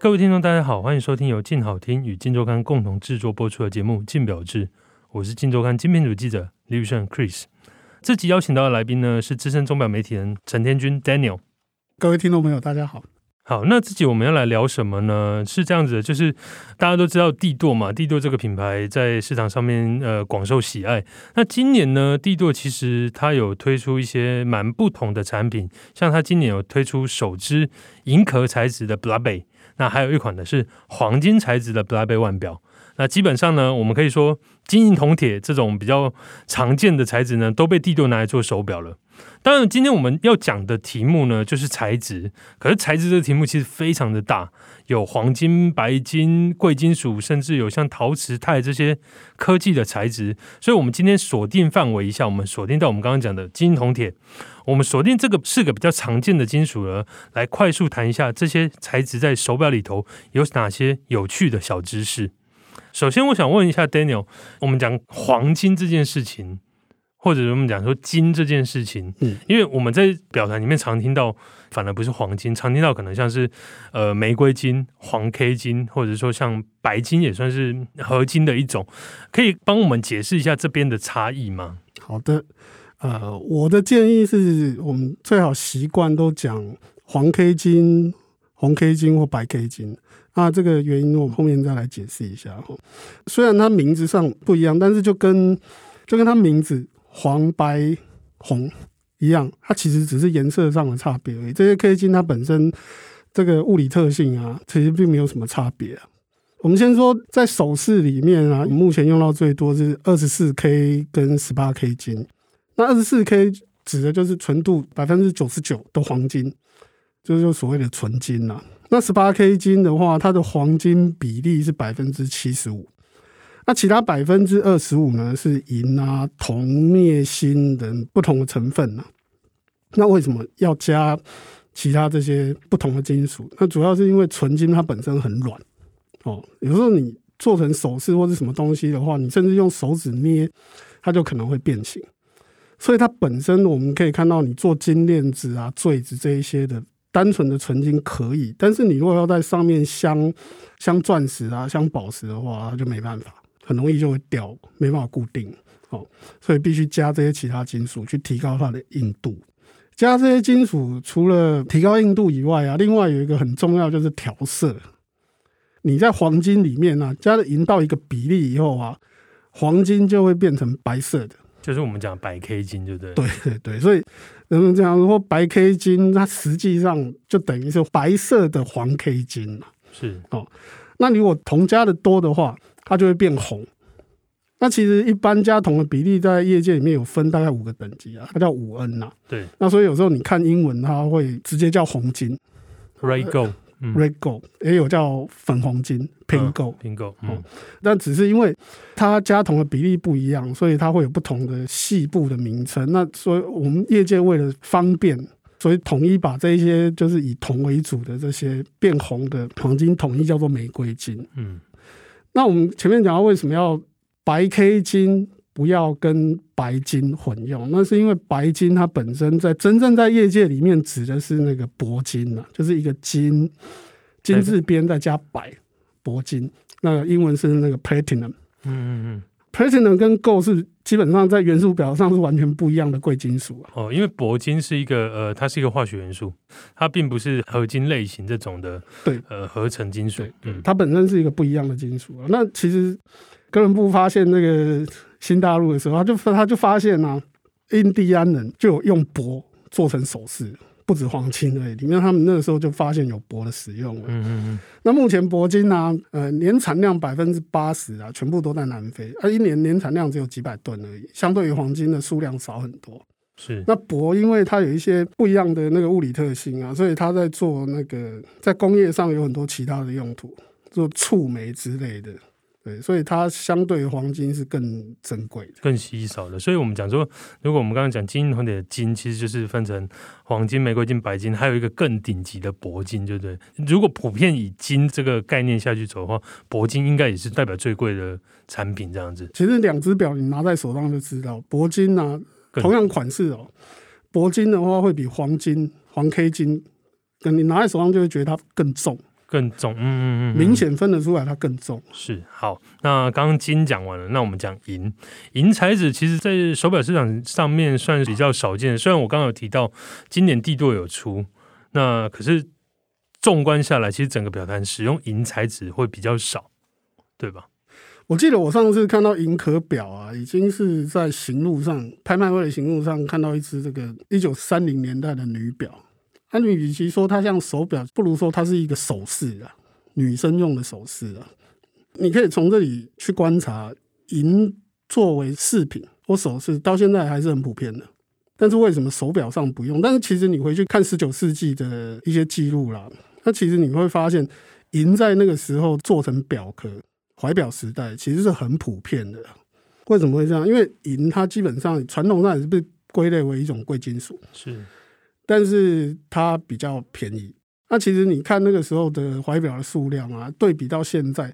各位聽眾，大家好，歡迎收聽由鏡好聽與鏡週刊共同製作播出的節目《鏡錶誌》，我是鏡週刊精品組記者李宇軒 Chris。這集邀請到的來賓呢是資深鐘錶媒體人陳天鈞 Daniel。各位聽眾朋友，大家好。好，那這集我們要來聊什麼呢？是這樣子的，就是大家都知道帝舵嘛，帝舵這個品牌在市場上面呃廣受喜愛。那今年呢，帝舵其實它有推出一些蠻不同的產品，像它今年有推出首隻銀殼材質的 Black Bay 那還有一款呢，是黃金材質的 Black Bay 腕錶。那基本上呢，我們可以說，金銀銅鐵這種比較常見的材質呢，都被帝舵拿來做手表了。當然，今天我們要講的題目呢，就是材質。可是材質這個題目其實非常的大，有黃金、白金、貴金屬，甚至有像陶瓷鈦這些科技的材質。所以，我們今天鎖定範圍一下，我們鎖定到我們剛剛講的金銀銅鐵。我們鎖定這個四個比較常見的金屬呢，來快速談一下這些材質在手表裡頭有哪些有趣的小知識。首先，我想問一下 Daniel，我們講黃金這件事情，或者我們講說金這件事情，嗯，因為我們在表達裡面常聽到，反而不是黃金，常聽到可能像是呃玫瑰金、黃 K 金，或者說像白金也算是合金的一種，可以幫我們解釋一下這邊的差異嗎？好的，呃，我的建議是我們最好習慣都講黃 K 金、紅 K 金或白 K 金。那這個原因我後面再來解釋一下。雖然它名字上不一樣，但是就跟就跟它名字黃、白、紅一樣，它其實只是顏色上的差別而已。這些 K 金它本身這個物理特性啊，其實並沒有什麼差別啊。我們先說在首飾裡面啊，目前用到最多是二十四 K 跟十八 K 金。那二十四 K 指的就是純度百分之九十九的黃金，就是所謂的純金啊。那十八 K 金的話，它的黃金比例是百分之七十五，那其他百分之二十五呢是銀啊、銅、鎳、鋅等不同的成分呢、啊。那為什麼要加其他這些不同的金屬？那主要是因為純金它本身很軟哦，有時候你做成首飾或是什麼東西的話，你甚至用手指捏它就可能會變形。所以它本身我們可以看到，你做金鏈子啊、墜子這一些的。單純的純金可以，但是你如果要在上面鑲，鑲鑽石啊、鑲寶石的話，它就沒辦法，很容易就會掉，沒辦法固定，哦，所以必須加這些其他金屬去提高它的硬度。加這些金屬除了提高硬度以外啊，另外有一個很重要就是調色。你在黃金裡面啊，加了銀到一個比例以後啊，黃金就會變成白色的，就是我們講白 K 金，對不對？對對對，所以。人們講說白 K 金，它實際上就等於是白色的黃 K 金。是哦，那如果銅加的多的話，它就會變紅。那其實一般加銅的比例在業界裡面有分大概五個等級啊，它叫五 N 吶、啊。對，那所以有時候你看英文，它會直接叫紅金，Red Gold。Red Gold 也有叫粉紅金，Pink Gold，Pink Gold，嗯，但只是因為它加銅的比例不一樣，所以它會有不同的細部的名稱。那所以我們業界為了方便，所以統一把這一些就是以銅為主的這些變紅的黃金統一叫做玫瑰金。嗯，那我們前面講到為什麼要白 K 金？不要跟白金混用，那是因為白金它本身在真正在業界裡面指的是那個鉑金了，就是一個金金字邊再加白，鉑金。那個、英文是那個 platinum。嗯嗯嗯，platinum 跟 gold 是基本上在元素表上是完全不一樣的貴金屬、啊。哦，因為鉑金是一個呃，它是一個化學元素，它並不是合金類型這種的。對，呃，合成金屬。對對嗯，它本身是一個不一樣的金屬啊。那其實哥倫布發現那個。新大陸的時候，他就他就發現呢、啊，印第安人就有用鉑做成首飾，不止黃金而已。裡面他們那個時候就發現有鉑的使用了。嗯嗯嗯。那目前鉑金呢、啊，呃，年產量百分之八十啊，全部都在南非，它、啊、一年年產量只有幾百噸而已，相對於黃金的數量少很多。是。那鉑因為它有一些不一樣的那個物理特性啊，所以它在做那個在工業上有很多其他的用途，做觸媒之類的。所以它相對於黃金是更珍貴、更稀少的。所以，我們講說，如果我們剛剛講金銀銅的金，其實就是分成黃金、玫瑰金、白金，還有一個更頂級的鉑金，對不對？如果普遍以金這個概念下去走的話，鉑金應該也是代表最貴的產品這樣子。其實，兩隻錶你拿在手上就知道，鉑金呢、啊，同樣款式哦，鉑金的話會比黃金、黃 K 金，金，等你拿在手上就會覺得它更重，重。更重，嗯嗯嗯,嗯，明顯分得出來，它更重。是好，那剛剛金講完了，那我們講銀。銀材質其實，在手表市場上面算是比較少見。啊、雖然我剛剛有提到今年帝舵有出，那可是縱觀下來，其實整個錶壇使用銀材質會比較少，對吧？我記得我上次看到銀殼表啊，已經是在行路上拍賣會的行路上看到一只這個一九三零年代的女表。那你與其說它像手表，不如說它是一個首飾啊，女生用的首飾啊。你可以從這裡去觀察，銀作為飾品或首飾，到現在還是很普遍的。但是為什麼手表上不用？但是其實你回去看十九世紀的一些記錄啦，那其實你會發現，銀在那個時候做成表殼、懷表時代，其實是很普遍的。為什麼會這樣？因為銀它基本上傳統上也是被歸類為一種貴金屬，是。但是它比較便宜。那其實你看那個時候的懷錶的數量啊，對比到現在，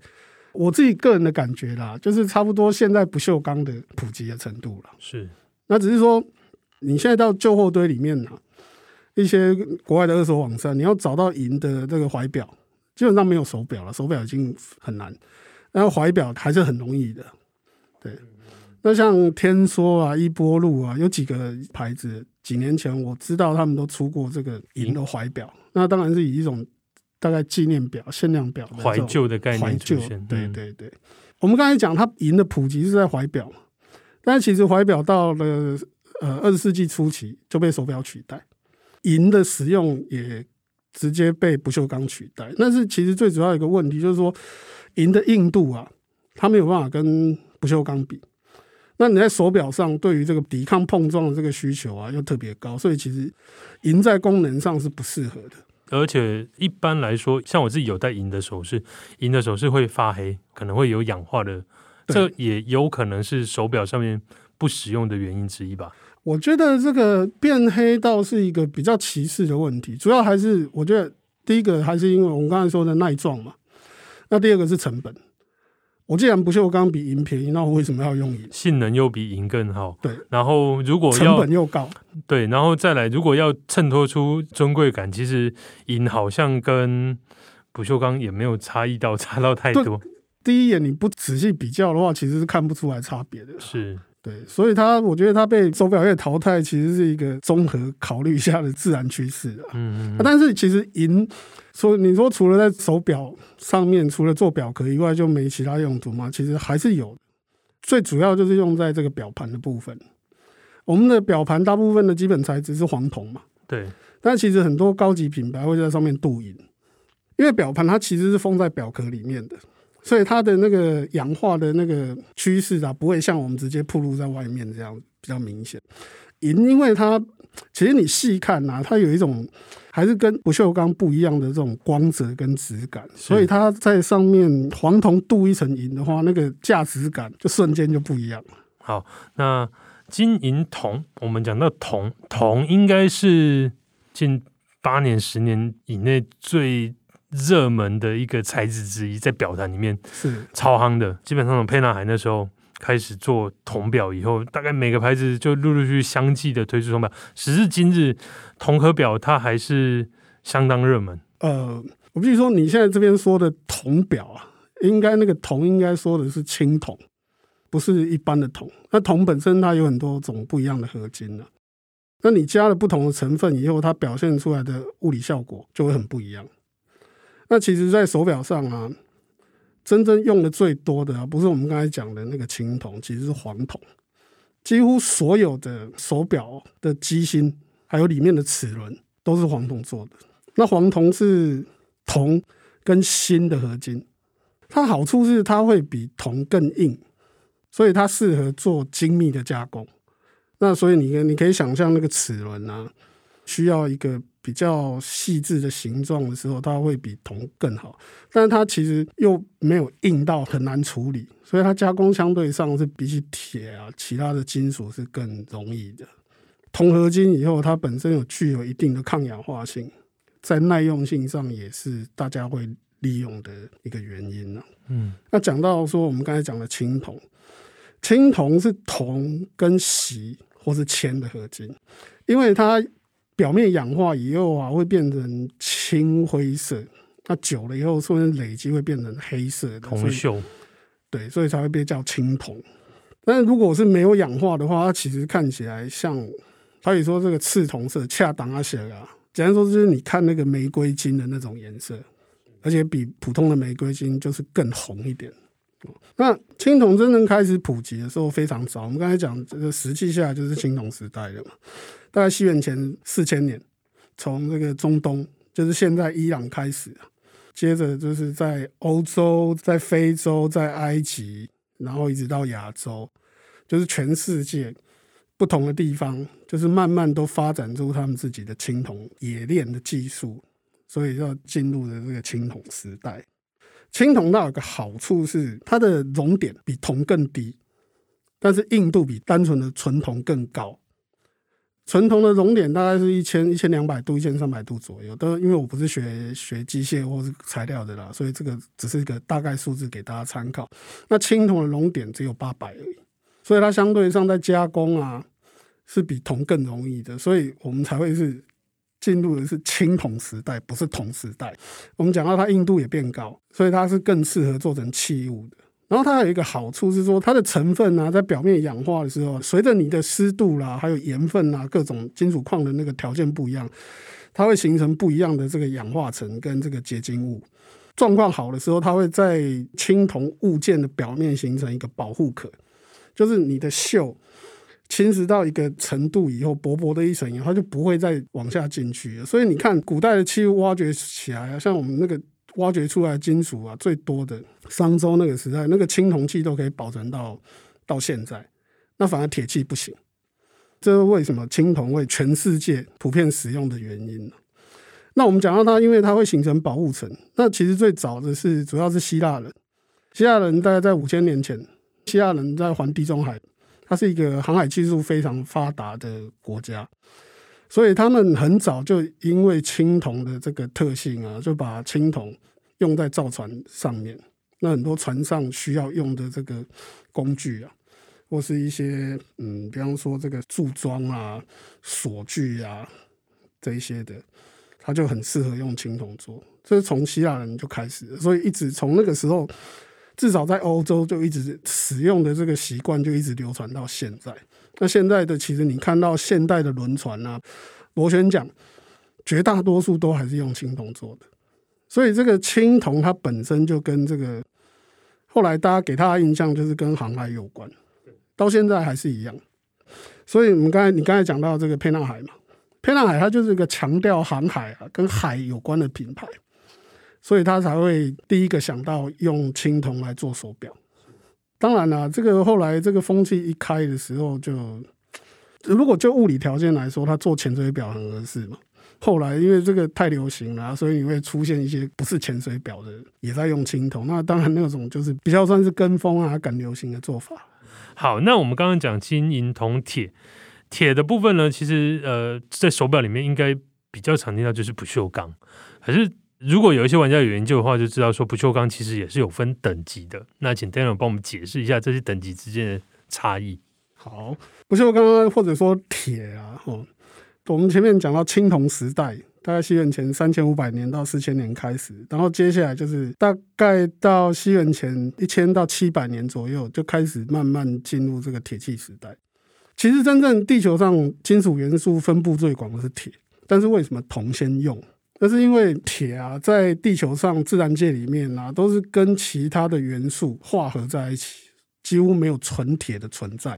我自己個人的感覺啦，就是差不多現在不鏽鋼的普及的程度了。是。那只是說，你現在到舊貨堆裡面呢，啊，一些國外的二手網站，你要找到銀的這個懷錶，基本上沒有手錶了，手錶已經很難，然後懷錶還是很容易的。對。那像天梭啊、依波路啊，有幾個牌子。幾年前我知道他們都出過這個銀的懷錶，嗯、那當然是以一種大概紀念錶、限量錶懷舊的概念。懷舊，對對對。嗯、我們剛才講，它銀的普及是在懷錶，但其實懷錶到了呃二十世紀初期就被手錶取代，銀的使用也直接被不鏽鋼取代。但是其實最主要一個問題就是說，銀的硬度啊，它沒有辦法跟不鏽鋼比。那你在手錶上對於這個抵抗碰撞的這個需求啊，又特別高，所以其實銀在功能上是不適合的。而且一般來說，像我自己有戴銀的首飾，銀的首飾會發黑，可能會有氧化的，對這也有可能是手錶上面不實用的原因之一吧。我覺得這個變黑倒是一個比較其次的問題，主要還是我覺得第一個還是因為我們剛才說的耐撞嘛，那第二個是成本。我既然不鏽鋼比銀便宜，那我為什麼要用銀？性能又比銀更好。對，然後如果要成本又高，對，然後再來，如果要襯托出尊貴感，其實銀好像跟不鏽鋼也沒有差異到差到太多。第一眼你不仔細比較的話，其實是看不出來差別的。是。對，所以它，我覺得它被手錶業淘汰，其實是一個綜合考慮下的自然趨勢的。嗯，嗯，嗯啊、但是其實銀，說你說除了在手錶上面，除了做錶殼以外，就沒其他用途嗎？其實還是有，最主要就是用在這個錶盤的部分。我們的錶盤大部分的基本材質是黃銅嘛？對，但其實很多高級品牌會在上面鍍銀，因為錶盤它其實是封在錶殼裡面的。所以它的那個氧化的那個趨勢啊，不會像我們直接曝露在外面這樣比較明顯。銀，因為它其實你細看吶、啊，它有一種還是跟不鏽鋼不一樣的這種光澤跟質感。是所以它在上面黃銅鍍一層銀的話，那個價值感就瞬間就不一樣了。好，那金銀銅，我們講到銅，銅應該是近八年、十年以內最。熱門的一個材質之一，在表壇裡面是超夯的。基本上，沛納海那時候開始做銅表以後，大概每個牌子就陸陸續續相繼的推出銅表。時至今日，銅殼錶它還是相當熱門。呃，我譬如說，你現在這邊說的銅表啊，應該那個銅應該說的是青銅，不是一般的銅。那銅本身它有很多種不一樣的合金呢、啊。那你加了不同的成分以後，它表現出來的物理效果就會很不一樣。嗯那其實，在手錶上啊，真正用的最多的啊，不是我們剛才講的那個青銅，其實是黃銅。幾乎所有的手錶的機芯，還有裡面的齒輪，都是黃銅做的。那黃銅是銅跟鋅的合金，它好處是它會比銅更硬，所以它適合做精密的加工。那所以你你可以想象，那個齒輪啊，需要一個。比較細緻的形狀的時候，它會比銅更好，但是它其實又沒有硬到很難處理，所以它加工相對上是比起鐵啊，其他的金屬是更容易的。銅合金以後，它本身有具有一定的抗氧化性，在耐用性上也是大家會利用的一個原因呢、啊。嗯，那講到說我們剛才講的青銅，青銅是銅跟錫或是鉛的合金，因為它。表面氧化以後啊，會變成青灰色，那久了以後，後面累積會變成黑色的。銅鏽，秀對，所以才會被叫青銅。但是如果是沒有氧化的話，它其實看起來像，可以說這個赤銅色，恰當啊寫的、啊。簡單說就是你看那個玫瑰金的那種顏色，而且比普通的玫瑰金就是更紅一點。那青銅真正開始普及的時候非常早，我們剛才講這個石器下來就是青銅時代的嘛，大概西元前四千年，從這個中東，就是現在伊朗開始啊，接着就是在歐洲、在非洲、在埃及，然後一直到亞洲，就是全世界不同的地方，就是慢慢都發展出他們自己的青銅冶煉的技術，所以就進入了這個青銅時代。青銅那有個好處是它的熔點比銅更低，但是硬度比單純的純銅更高。純銅的熔點大概是一千一千兩百度、一千三百度左右的，因為我不是學學機械或是材料的啦，所以這個只是一個大概數字給大家參考。那青銅的熔點只有八百而已，所以它相對上在加工啊是比銅更容易的，所以我們才會是。進入的是青銅時代，不是銅時代。我們講到它硬度也變高，所以它是更適合做成器物的。然後它有一個好處是說，它的成分呢、啊，在表面氧化的時候，隨着你的濕度啦，還有鹽分啦、啊、各種金屬礦的那個條件不一樣，它會形成不一樣的這個氧化層跟這個結晶物。狀況好的時候，它會在青銅物件的表面形成一個保護殼，就是你的鏽。侵蝕到一個程度以後，薄薄的一層以後，它就不會再往下進去了。所以你看，古代的器物挖掘起來，像我們那個挖掘出來的金屬啊，最多的商周那個時代，那個青銅器都可以保存到到現在，那反而鐵器不行。這是為什麼青銅為全世界普遍使用的原因。那我們講到它，因為它會形成保護層。那其實最早的是主要是希臘人，希臘人大概在五千年前，希臘人在環地中海。它是一個航海技術非常發達的國家，所以他們很早就因為青銅的這個特性啊，就把青銅用在造船上面。那很多船上需要用的這個工具啊，或是一些嗯，比方說這個柱樁啊、鎖具啊，這一些的，它就很適合用青銅做。這是從希臘人就開始，所以一直從那個時候。至少在歐洲就一直使用的這個習慣就一直流傳到現在。那現在的其實你看到現代的輪船啊，螺旋槳，絕大多數都還是用青銅做的。所以這個青銅它本身就跟這個後來大家給它的印象就是跟航海有關，到現在還是一樣。所以我們剛才你剛才講到這個沛納海嘛，沛納海它就是一個強調航海啊，跟海有關的品牌。所以他才會第一個想到用青銅來做手錶。當然啦，啊，這個後來這個風氣一開的時候就，就如果就物理條件來說，它做潛水錶很合適嘛。後來因為這個太流行了，所以你會出現一些不是潛水錶的也在用青銅。那當然那種就是比較算是跟風啊，趕流行的做法。好，那我們剛剛講金銀銅鐵，鐵的部分呢，其實呃，在手錶裡面應該比較常見到就是不鏽鋼，可是。如果有一些玩家有研究的話，就知道說不鏽鋼其實也是有分等級的。那請 Daniel 幫我們解釋一下這些等級之間的差異。好，不鏽鋼或者說鐵啊，哦、嗯，我們前面講到青銅時代，大概西元前三千五百年到四千年開始，然後接下來就是大概到西元前一千到七百年左右，就開始慢慢進入這個鐵器時代。其實真正地球上金屬元素分布最廣的是鐵，但是為什麼銅先用？那是因為鐵啊，在地球上自然界裡面啊，都是跟其他的元素化合在一起，幾乎沒有純鐵的存在。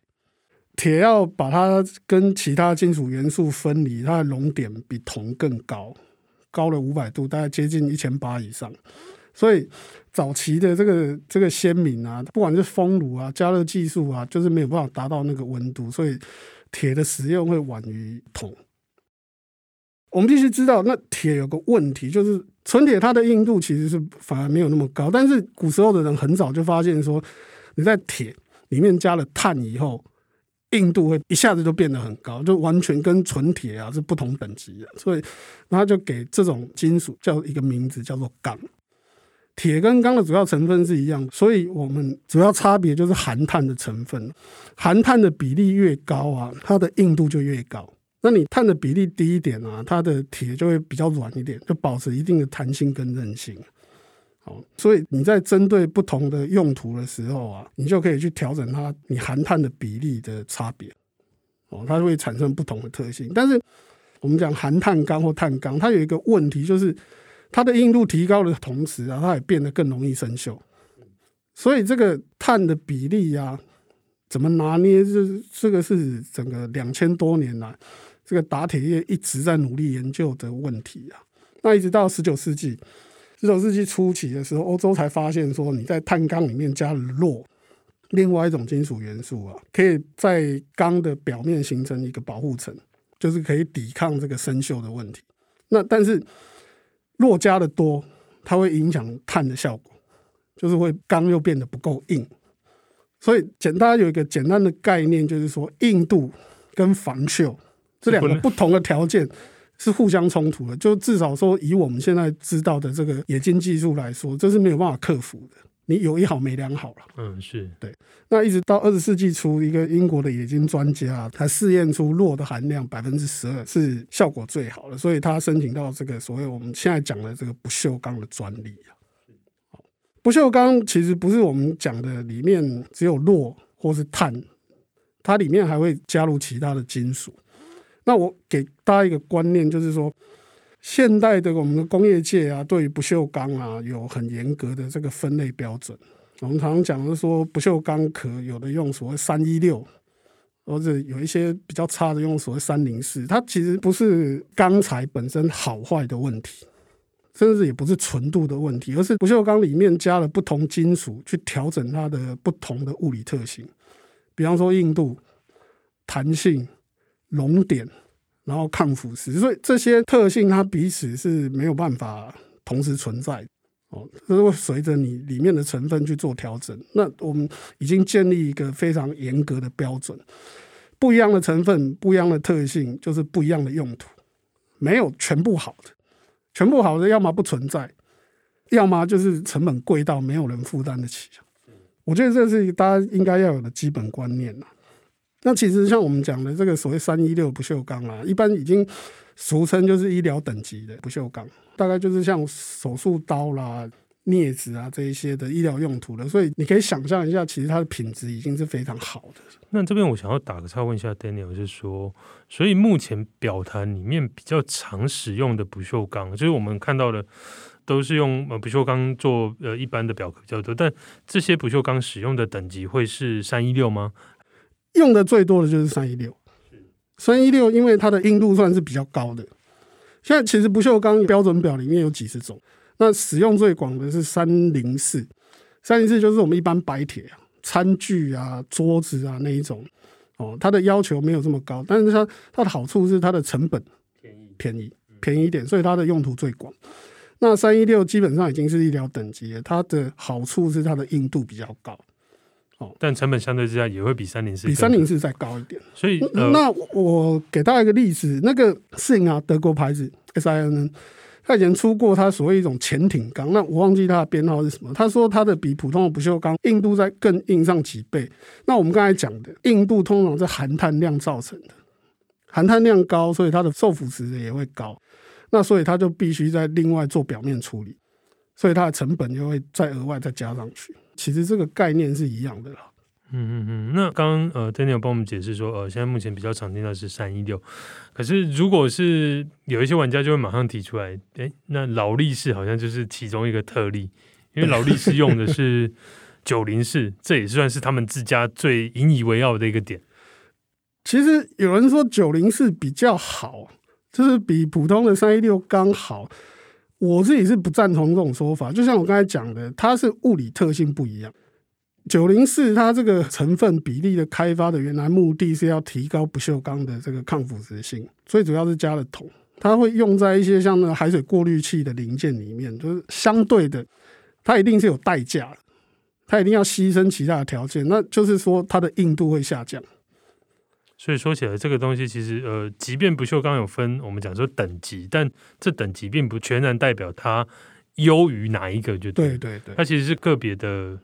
鐵要把它跟其他金屬元素分離，它的熔點比銅更高，高了五百度，大概接近一千八以上。所以早期的這個這個先民啊，不管是風爐啊、加熱技術啊，就是沒有辦法達到那個溫度，所以鐵的使用會晚於銅。我們必須知道，那鐵有個問題，就是純鐵它的硬度其實是反而沒有那麼高。但是古時候的人很早就發現說，你在鐵裡面加了碳以後，硬度會一下子就變得很高，就完全跟純鐵啊是不同等級的。所以，他就給這種金屬叫一個名字，叫做鋼。鐵跟鋼的主要成分是一樣，所以我們主要差別就是含碳的成分，含碳的比例越高啊，它的硬度就越高。那你碳的比例低一點啊，它的鐵就會比較軟一點，就保持一定的彈性跟韌性。哦，所以你在針對不同的用途的時候啊，你就可以去調整它你含碳的比例的差別。哦，它會產生不同的特性。但是我們講含碳鋼或碳鋼，它有一個問題，就是它的硬度提高的同時啊，它也變得更容易生鏽。所以這個碳的比例啊，怎麼拿捏？這、就是、這個是整個兩千多年來。這個打鐵業一直在努力研究的問題啊，那一直到十九世紀，十九世紀初期的時候，歐洲才發現說，你在碳鋼裡面加了鉻，另外一種金屬元素啊，可以在鋼的表面形成一個保護層，就是可以抵抗這個生鏽的問題。那但是，鉻加的多，它會影響碳的效果，就是會鋼又變得不夠硬。所以，簡單有一個簡單的概念，就是說硬度跟防鏽。這兩個不同的條件是互相衝突的，就至少說以我們現在知道的這個冶金技術來說，這是沒有辦法克服的。你有一好沒兩好了，嗯，是對。那一直到二十世紀初，一個英國的冶金專家，他試驗出鉻的含量百分之十二是效果最好的，所以他申請到這個所謂我們現在講的這個不鏽鋼的專利啊。好，不鏽鋼其實不是我們講的裡面只有鉻或是碳，它裡面還會加入其他的金屬。那我給大家一個觀念，就是說，現代的我們的工業界啊，對於不鏽鋼啊有很嚴格的這個分類標準。我們常常講的是說，不鏽鋼殼有的用所謂三一六，或者有一些比較差的用所謂三零四。它其實不是鋼材本身好壞的問題，甚至也不是純度的問題，而是不鏽鋼裡面加了不同金屬去調整它的不同的物理特性，比方說硬度、彈性。熔點，然後抗腐蝕，所以這些特性它彼此是沒有辦法同時存在的。哦，如果隨着你裡面的成分去做調整，那我們已經建立一個非常嚴格的標準。不一樣的成分，不一樣的特性，就是不一樣的用途。沒有全部好的，全部好的，要麼不存在，要麼就是成本貴到沒有人負擔得起。我覺得這是大家應該要有的基本觀念。那其實像我們講的這個所謂三一六不鏽鋼啦、啊，一般已經俗稱就是醫療等級的不鏽鋼，大概就是像手術刀啦、鑷子啊這一些的醫療用途的。所以你可以想象一下，其實它的品質已經是非常好的。那這邊我想要打個岔，問一下 Daniel，就是說，所以目前錶壇裡面比較常使用的不鏽鋼，就是我們看到的都是用呃不鏽鋼做呃一般的錶殼比較多，但這些不鏽鋼使用的等級會是三一六嗎？用的最多的就是三一六，三一六因為它的硬度算是比較高的。現在其實不鏽鋼標準錶裡面有幾十種，那使用最廣的是三零四，三零四就是我們一般白鐵、啊、餐具啊、桌子啊、那一種哦，它的要求沒有這麼高，但是它，它的好處是它的成本便宜便宜便宜一點，所以它的用途最廣。那三一六基本上已經是醫療等級了，它的好處是它的硬度比較高。哦，但成本相對之下也會比三零四比三零四再高一點，所以、呃、那,那我給大家一個例子，那個 SINN 啊，德國牌子 SIN，它以前出過它所謂一種潛艇鋼，那我忘記它的編號是什麼。他說它的比普通的不鏽鋼硬度再更硬上幾倍。那我們剛才講的硬度通常是含碳量造成的，含碳量高，所以它的受腐蝕也會高，那所以它就必須再另外做表面處理，所以它的成本就會再額外再加上去。其實這個概念是一樣的啦。嗯嗯嗯，那剛剛，呃，Daniel 幫我們解釋說，呃，現在目前比較常見到的是三一六，可是如果是有一些玩家就會馬上提出來，誒，那勞力士好像就是其中一個特例，因為勞力士用的是九零四 這也算是他們自家最引以為傲的一個點。其實有人說九零四比較好，就是比普通的三一六剛好。我自己是不贊同這種說法，就像我剛才講的，它是物理特性不一樣。九零四它這個成分比例的開發的原來目的是要提高不鏽鋼的這個抗腐蝕性，所以主要是加了銅，它會用在一些像那個海水過濾器的零件裡面，就是相對的，它一定是有代價，它一定要犧牲其他的條件，那就是說它的硬度會下降。所以說起來，這個東西其實，呃，即便不鏽鋼有分，我們講說等級，但這等級並不全然代表它優於哪一個就，就對對對。它其實是個別的，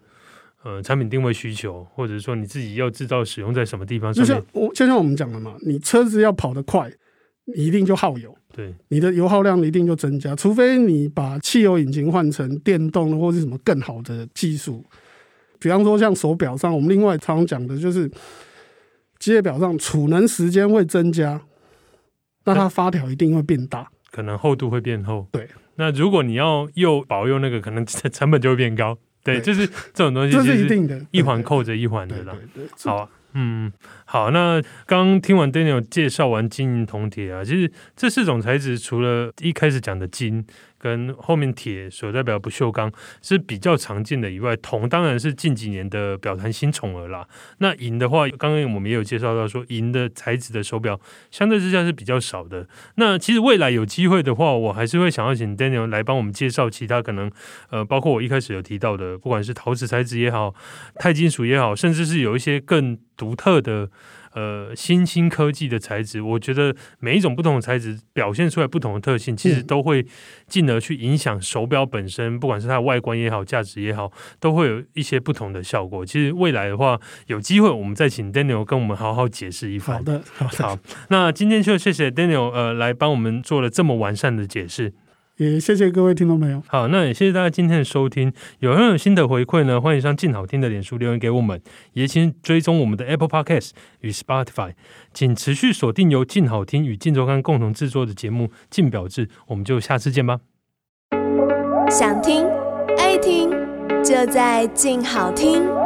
呃，產品定位需求，或者說你自己要製造使用在什麼地方。就像我，就像我們講的嘛，你車子要跑得快，你一定就耗油，對，你的油耗量一定就增加，除非你把汽油引擎換成電動或者是什麼更好的技術。比方說像手錶上，我們另外常常講的就是。機械錶上儲能時間會增加，那它發條一定會變大。嗯，可能厚度會變厚。對，那如果你要又保又那個，可能成本就會變高。對，對就是這種東西，是一定的，一環扣着一環的啦。好，嗯，好，那剛聽完 Daniel 介紹完金銀銅鐵啊，其實這四種材質除了一開始講的金。跟後面鐵所代表不鏽鋼是比較常見的以外，銅當然是近幾年的錶壇新寵兒啦。那銀的話，剛剛我們也有介紹到說銀的材質的手錶，相對之下是比較少的。那其實未來有機會的話，我還是會想要請 Daniel 來幫我們介紹其他可能，呃，包括我一開始有提到的，不管是陶瓷材質也好，鈦金屬也好，甚至是有一些更獨特的。呃，新興科技的材質，我覺得每一種不同的材質表現出來不同的特性，其實都會進而去影響手表本身，嗯、不管是它的外觀也好，價值也好，都會有一些不同的效果。其實未來的話，有機會我們再請 Daniel 跟我們好好解釋一番。好的，好。好，那今天就謝謝 Daniel 呃，來幫我們做了這麼完善的解釋。也謝謝各位聽眾朋友。好，那也謝謝大家今天的收聽。有很有新的回饋呢，歡迎上鏡好聽的臉書留言給我們，也請追蹤我們的 Apple Podcast 與 Spotify。請持續鎖定由鏡好聽與鏡週刊共同製作的節目《鏡錶誌》，我們就下次見吧。想聽愛聽，就在鏡好聽。